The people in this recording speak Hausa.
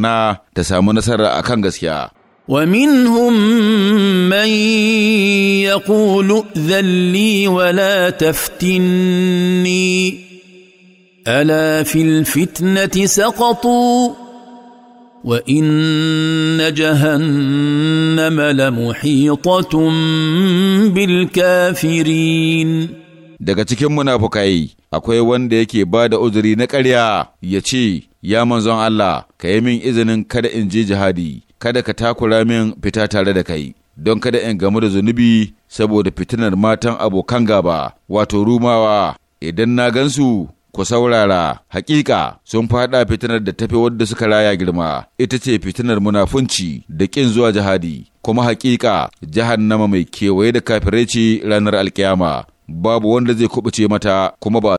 na ta samu nasara a kan gaskiya. Wa minhum mai ya kulu zalli wa la taftinni, ala fil fitnati saqatu wa inna jahannama la muhitatun bil kafirin. Daga cikin munafukai akwai wanda yake ba da uzuri na ƙarya ya ce, ya manzon Allah, ka yi min izinin kada in je jihadi, kada ka takura min fita tare da kai, don kada in gamu da zunubi saboda fitinar matan abokan gaba, wato rumawa, idan na gansu ku saurara, hakika sun fada fitinar da tafi wadda suka raya girma, ita ce fitinar munafunci da ƙin zuwa jihadi, kuma hakika jahannama mai kewaye da kafirai ce ranar alkiyama, babu wanda zai kubuce mata kuma ba